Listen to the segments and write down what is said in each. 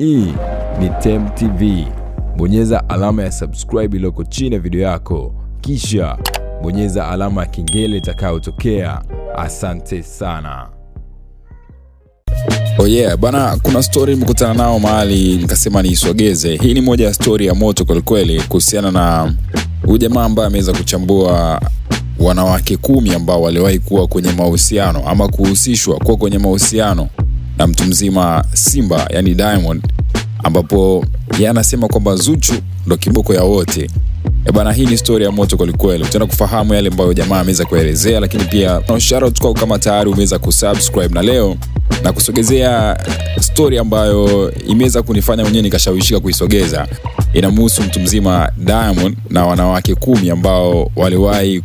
Hii ni Temu TV. Bonyeza alama ya subscribe iliyoko chini ya video yako, kisha bonyeza alama ya kengele itakayotokea. Asante sana. Oh yeah, bana, kuna stori mkutana nao mahali nikasema niisogeze. Hii ni moja ya stori ya moto kwelikweli kuhusiana na huyu jamaa ambaye ameweza kuchambua wanawake kumi ambao waliwahi kuwa kwenye mahusiano ama kuhusishwa kuwa kwenye mahusiano na mtu mzima Simba yani Diamond, ambapo yeye anasema kwamba Zuchu ndo kiboko ya wote. E bana, hii ni story ya moto kwelikweli. Utaenda kufahamu yale ambayo jamaa ameweza kuelezea, lakini pia shout out kwako kama tayari umeweza kusubscribe, na leo na kusogezea story ambayo imeweza kunifanya mwenyewe nikashawishika kuisogeza. Inamhusu mtu mzima Diamond na wanawake kumi ambao waliwahi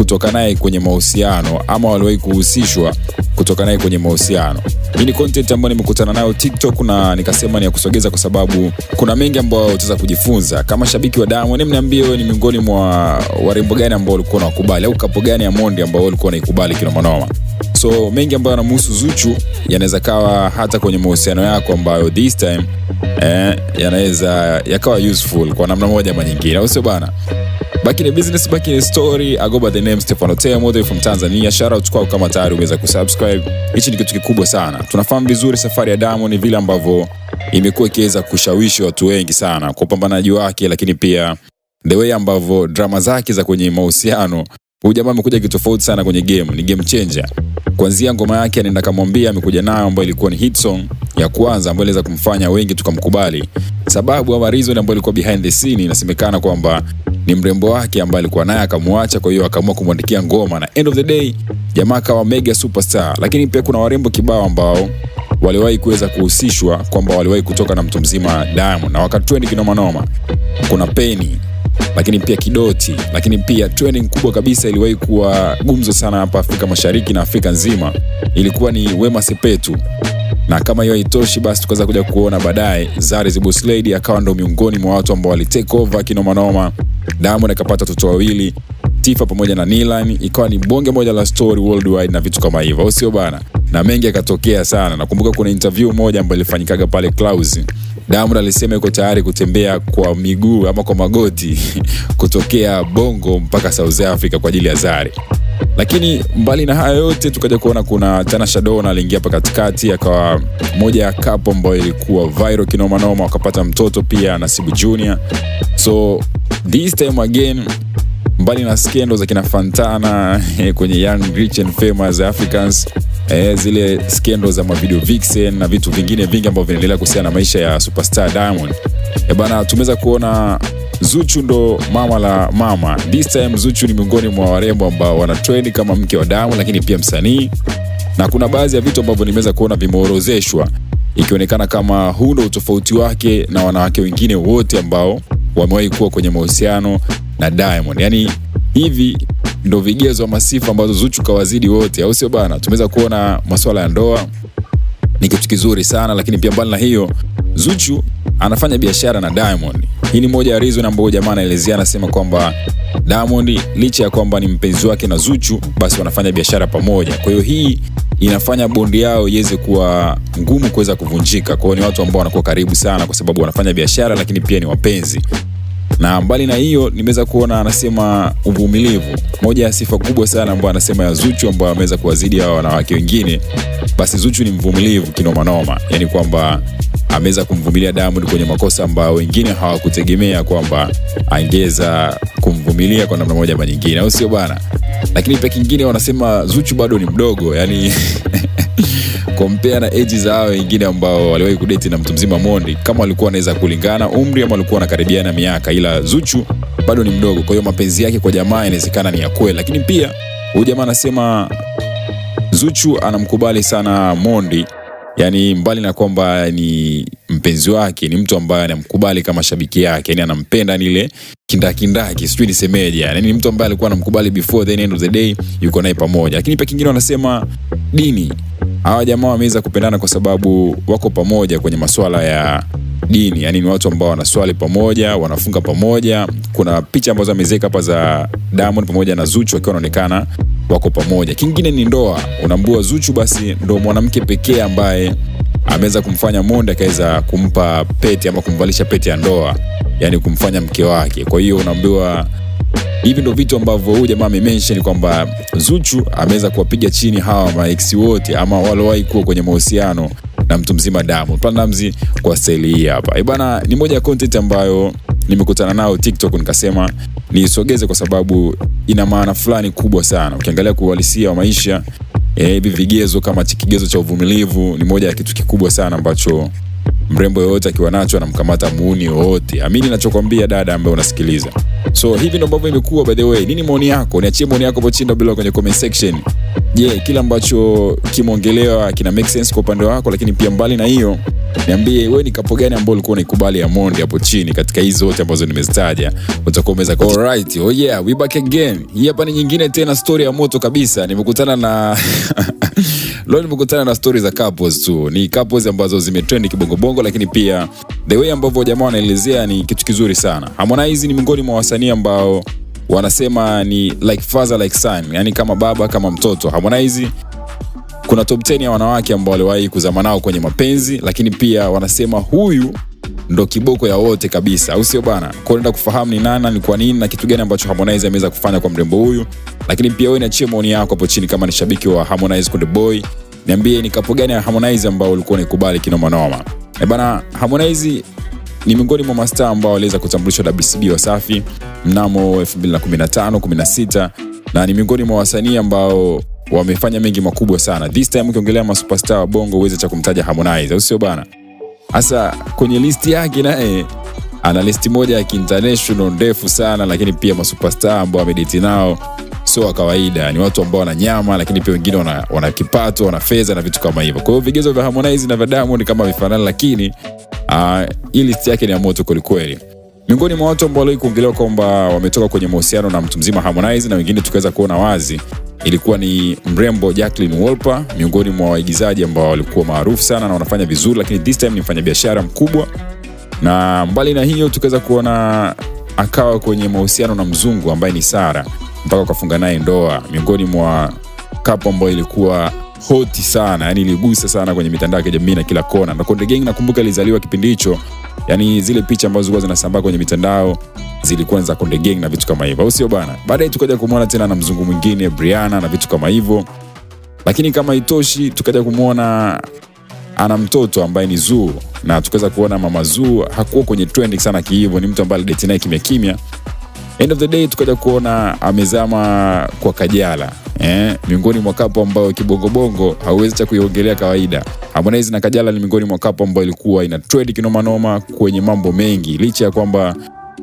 kutoka naye kwenye mahusiano ama waliwahi kuhusishwa kutoka naye kwenye mahusiano. Hii ni content ambayo nimekutana nayo TikTok na nikasema ni ya kusogeza, kwa sababu kuna mengi ambayo utaweza kujifunza. Kama shabiki wa damu ni mniambie wewe ni miongoni mwa warembo gani ambao walikuwa unakubali au kapo gani ya Mondi ambao walikuwa wanaikubali kina manoma. So mengi ambayo yanamhusu Zuchu yanaweza kawa hata kwenye mahusiano yako ambayo this time eh, yanaweza yakawa useful kwa namna moja ama nyingine, au sio bana? Back in the business, back in the story. I go by the name Stefano Temo from Tanzania. Shout out kama tayari umeweza kusubscribe. Hichi ni kitu kikubwa sana. Tunafahamu vizuri safari ya damu ni vile ambavyo imekuwa ikiweza kushawishi watu wengi sana kwa upambanaji wake, lakini pia the way ambavyo drama zake za kwenye mahusiano Huyu jamaa amekuja kitofauti sana kwenye game, ni game changer. Kuanzia ngoma yake anaenda kamwambia amekuja nayo ambayo ilikuwa ni hit song ya kwanza ambayo iliweza kumfanya wengi tukamkubali. Sababu ama reason ambayo ilikuwa behind the scene inasemekana kwamba ni mrembo wake ambaye alikuwa naye akamwacha, kwa hiyo akaamua kumwandikia ngoma na end of the day jamaa akawa mega superstar. Lakini pia kuna warembo kibao ambao waliwahi kuweza kuhusishwa kwamba waliwahi kutoka na mtu mzima Diamond na wakatrend kinomanoma Kuna Penny lakini pia kidoti, lakini pia trending kubwa kabisa iliwahi kuwa gumzo sana hapa Afrika Mashariki na Afrika nzima ilikuwa ni Wema Sepetu na kama hiyo haitoshi basi tukaweza kuja kuona baadaye Zari akawa ndo miongoni mwa watu ambao wali kinomanoma. Diamond akapata watoto wawili Tifa pamoja na Nilan, ikawa ni bonge moja la story worldwide na vitu kama hivyo, au sio bana? Na mengi akatokea sana. Nakumbuka kuna interview moja ambayo ilifanyikaga pale klaus Diamond alisema yuko tayari kutembea kwa miguu ama kwa magoti kutokea Bongo mpaka South Africa kwa ajili ya Zari. Lakini mbali na hayo yote, tukaja kuona kuna Tanasha Donna aliingia hapa katikati, akawa moja ya kapo ambayo ilikuwa viral kinoma noma, wakapata mtoto pia Nasibu Junior. So this time again mbali na skendo za kina Fantana kwenye Young Rich and Famous Africans, eh, zile skendo za mavideo vixen na vitu vingine vingi ambavyo vinaendelea kuhusiana na maisha ya superstar Diamond. Eh, bana tumeweza kuona Zuchu ndo mama la mama. This time Zuchu ni miongoni mwa warembo ambao wana trend kama mke wa Diamond, lakini pia msanii, na kuna baadhi ya vitu ambavyo nimeweza kuona vimeorozeshwa ikionekana kama huu ndo utofauti wake na wanawake wengine wote ambao wamewahi kuwa kwenye mahusiano na Diamond. Yaani hivi ndo vigezo ama sifa ambazo Zuchu kawazidi wote, au sio bana? Tumeweza kuona masuala ya ndoa ni kitu kizuri sana, lakini pia mbali na hiyo Zuchu anafanya biashara na Diamond. Hii ni moja ya reason ambayo jamaa anaelezea, anasema kwamba Diamond licha ya kwamba ni mpenzi wake na Zuchu, basi wanafanya biashara pamoja. Kwa hiyo hii inafanya bondi yao iweze kuwa ngumu kuweza kuvunjika. Kwa ni watu ambao wanakuwa karibu sana, kwa sababu wanafanya biashara, lakini pia ni wapenzi. Na mbali na hiyo, nimeweza kuona anasema uvumilivu, moja ya sifa kubwa sana ambayo anasema ya Zuchu ambayo ameweza kuwazidi hawa wanawake wengine. Basi Zuchu ni mvumilivu kinomanoma, yani kwamba ameweza kumvumilia Diamond kwenye makosa ambayo wengine hawakutegemea kwamba angeza kumvumilia kwa namna moja ama nyingine, au sio bana? Lakini pia kingine wanasema Zuchu bado ni mdogo yani kompea na eji za hawa wengine ambao waliwahi kudeti na mtu mzima Mondi, kama walikuwa wanaweza kulingana umri ama walikuwa wanakaribiana miaka, ila Zuchu bado ni mdogo. Kwa hiyo mapenzi yake kwa jamaa inawezekana ni ya kweli, lakini pia huyu jamaa anasema Zuchu anamkubali sana Mondi yani mbali na kwamba ni mpenzi wake, ni mtu ambaye anamkubali kama shabiki yake, yani anampenda, nile kindakindaki, sijui nisemeje, yani ni mtu ambaye alikuwa anamkubali before the end of the day, yuko naye pamoja. Lakini pia kingine wanasema dini, hawa jamaa wameweza kupendana kwa sababu wako pamoja kwenye masuala ya dini, yani ni watu ambao wanaswali pamoja, wanafunga pamoja. Kuna picha ambazo amezeka hapa za Diamond pamoja na Zuchu wakiwa wanaonekana wako pamoja. Kingine ni ndoa, unambua Zuchu basi ndo mwanamke pekee ambaye ameweza kumfanya Monde akaweza kumpa pete ama kumvalisha pete ya ndoa, yani kumfanya mke wake. Kwa hiyo unaambiwa hivi ndo vitu ambavyo huyu jamaa amemention kwamba Zuchu ameweza kuwapiga chini hawa maex wote ama walowahi kuwa kwenye mahusiano na mtu mzima Diamond Platnumz kwa staili hii hapa. Eh bana, ni moja ya content ambayo nimekutana nao TikTok nikasema niisogeze kwa sababu ina maana fulani kubwa sana. Ukiangalia kuuhalisia wa maisha eh, hivi e, vigezo kama kigezo cha uvumilivu ni moja ya kitu kikubwa sana ambacho mrembo yoyote akiwa nacho anamkamata muuni yoyote. Amini nachokwambia dada ambaye unasikiliza. So hivi ndo ambavyo imekuwa by the way. Nini maoni yako? Niachie maoni yako hapo chini bila kwenye comment section. Je, yeah, kile ambacho kimongelewa kina make sense kwa upande wako, lakini pia mbali na hiyo, niambie wewe ni kapo gani ambao ulikuwa unaikubali mondi hapo chini katika hizo zote ambazo nimezitaja, utakuwa umeza. All right, oh yeah, we back again. Hii hapa ni nyingine tena, story ya moto kabisa. Nimekutana na leo nimekutana na story za couples tu, ni couples ambazo zimetrend kibongobongo, lakini pia the way ambavyo jamaa wanaelezea ni kitu kizuri sana. Harmonize ni miongoni mwa wasanii ambao wanasema ni like father like son, yani kama baba kama mtoto. Harmonize kuna top 10 ya wanawake ambao waliwahi kuzama nao kwenye mapenzi, lakini pia wanasema huyu ndo kiboko ya wote kabisa, au sio bana? Kwa nenda kufahamu ni nana ni kwa nini na kitu gani ambacho Harmonize ameweza kufanya kwa mrembo huyu, lakini pia wewe niachie maoni yako hapo chini kama ni shabiki wa Harmonize kwa Boy, niambie ni kapo gani ya Harmonize ambao ulikuwa unaikubali kinomanoma E eh bana, Harmonize ni miongoni mwa masta ambao waliweza kutambulishwa na WCB Wasafi mnamo 2015 16 na ni miongoni mwa wasanii ambao wamefanya mengi makubwa sana. This time ukiongelea masuperstar wa Bongo uweze cha kumtaja Harmonize, au sio bana? Hasa kwenye listi yake naye ana listi moja ya international ndefu sana, lakini pia masuperstar ambao amedeti nao sio wa kawaida, ni watu ambao wana nyama, lakini pia wengine wana, wana kipato, wana fedha na vitu kama hivyo. Kwa hiyo vigezo vya Harmonize na vya Diamond kama vifanani, lakini Ah, hii listi list yake ni ya moto kwelikweli. Miongoni mwa watu ambao kuongelewa kwamba wametoka kwenye mahusiano na mtu mzima Harmonize na wengine tukaweza kuona wazi ilikuwa ni mrembo Jacqueline Wolper, miongoni mwa waigizaji ambao walikuwa maarufu sana na wanafanya vizuri, lakini this time ni mfanyabiashara mkubwa. Na mbali na hiyo, tukaweza kuona akawa kwenye mahusiano na mzungu ambaye ni Sara mpaka akafunga naye ndoa, miongoni mwa kapo ambayo ilikuwa hoti sana, yani iligusa sana kwenye mitandao ya kijamii na kila kona, na Konde Gang nakumbuka ilizaliwa kipindi hicho. Yani zile picha ambazo zilikuwa zinasambaa kwenye mitandao zilikuwa za Konde Gang na vitu kama hivyo, au sio bana Baadaye tukaja kumwona tena na mzungu mwingine Briana na vitu kama hivyo, lakini kama itoshi, tukaja kumwona ana mtoto ambaye ni Zuu na tukaweza kuona mama Zuu hakuwa kwenye trend sana kiivo, ni mtu ambaye alidate kimya kimya. End of the day tukaja kuona amezama kwa Kajala eh, miongoni mwa kapo ambayo kibongobongo hauwezi cha kuiongelea kawaida. Harmonize na Kajala ni miongoni mwa kapo ambayo ilikuwa ina trade kinoma noma kwenye mambo mengi, licha ya kwamba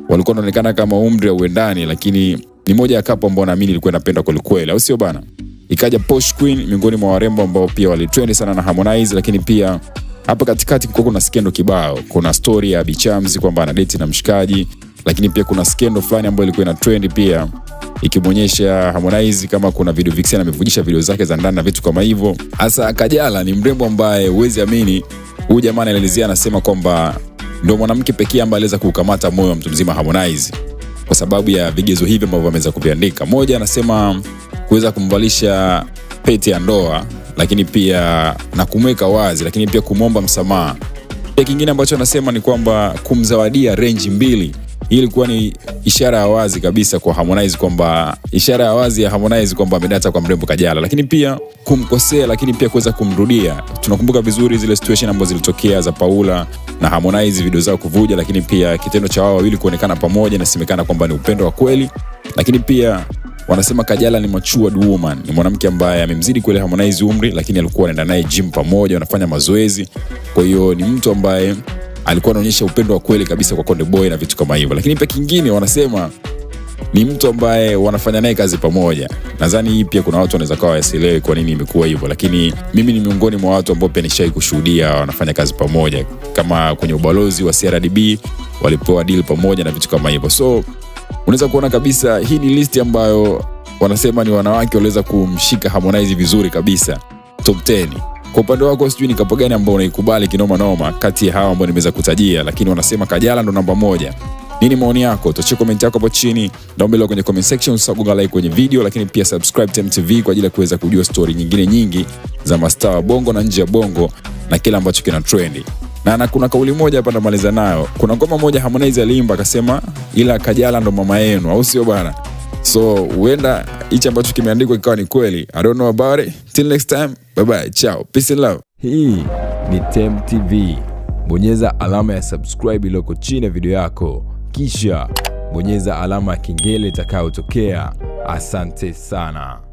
walikuwa wanaonekana kama umri auendani, lakini ni moja ya kapo ambayo naamini ilikuwa inapenda kwelikweli, au sio bana? Ikaja Posh Queen miongoni mwa warembo ambao pia walitrend sana na Harmonize, lakini pia hapa katikati kulikuwa kuna skendo kibao. Kuna story ya Bichamzi kwamba anadeti na mshikaji, lakini pia kuna skendo fulani ambayo ilikuwa ina trend pia ikimwonyesha Harmonize kama kuna video Vixen amevujisha video zake za ndani na vitu kama hivyo. Hasa Kajala ni mrembo ambaye huwezi amini, huyu jamaa anaelezea, anasema kwamba ndio mwanamke pekee ambaye aliweza kuukamata moyo wa mtu mzima Harmonize kwa sababu ya vigezo hivi ambavyo ameweza kuviandika. Moja anasema kuweza kumvalisha pete ya ndoa, lakini pia na kumweka wazi, lakini pia kumwomba msamaha. Kingine ambacho anasema ni kwamba kumzawadia range mbili hii ilikuwa ni ishara ya wazi kabisa kwa Harmonize kwamba ishara ya wazi ya Harmonize kwamba amedata kwa mrembo Kajala, lakini pia kumkosea, lakini pia kuweza kumrudia. Tunakumbuka vizuri zile situation ambazo zilitokea za Paula na Harmonize, video zao kuvuja, lakini pia kitendo cha wao wawili kuonekana pamoja, inasemekana kwamba ni upendo wa kweli, lakini pia wanasema Kajala ni matured woman, ni mwanamke ambaye amemzidi kweli Harmonize umri, lakini alikuwa anaenda naye gym pamoja, wanafanya mazoezi. Kwa hiyo ni mtu ambaye alikuwa anaonyesha upendo wa kweli kabisa kwa Konde Boy na vitu kama hivyo, lakini pia kingine wanasema ni mtu ambaye wanafanya naye kazi pamoja. Nadhani hii pia kuna watu wanaweza kawa wasielewe kwa nini imekuwa hivyo, lakini mimi ni miongoni mwa watu ambao pia nishai kushuhudia wanafanya kazi pamoja, kama kwenye ubalozi wa CRDB walipewa deal pamoja na vitu kama hivyo. So unaweza kuona kabisa hii ni listi ambayo wanasema ni wanawake waliweza kumshika Harmonize vizuri kabisa, top 10. Kwa upande wako sijui ni kapo gani ambao unaikubali kinoma noma kati ya hawa ambao nimeweza kutajia, lakini wanasema Kajala ndo namba moja. Nini maoni yako? Tuachie komenti yako hapo chini, naomba kwenye comment section, usahau like kwenye video, lakini pia subscribe TemuTV kwa ajili ya kuweza kujua story nyingine nyingi za mastaa wa bongo na nje ya bongo na kile ambacho kina trendi. Na, na kuna kauli moja hapa namaliza nayo. Kuna ngoma moja Harmonize alimba akasema, ila Kajala ndo mama yenu, au sio bwana? So huenda hichi ambacho kimeandikwa kikawa ni kweli. I don't know about it. Till next time. Bye bye, ciao, peace and love. Hii ni Tem TV. Bonyeza alama ya subscribe iliyoko chini ya video yako, kisha bonyeza alama ya kengele itakayotokea. Asante sana.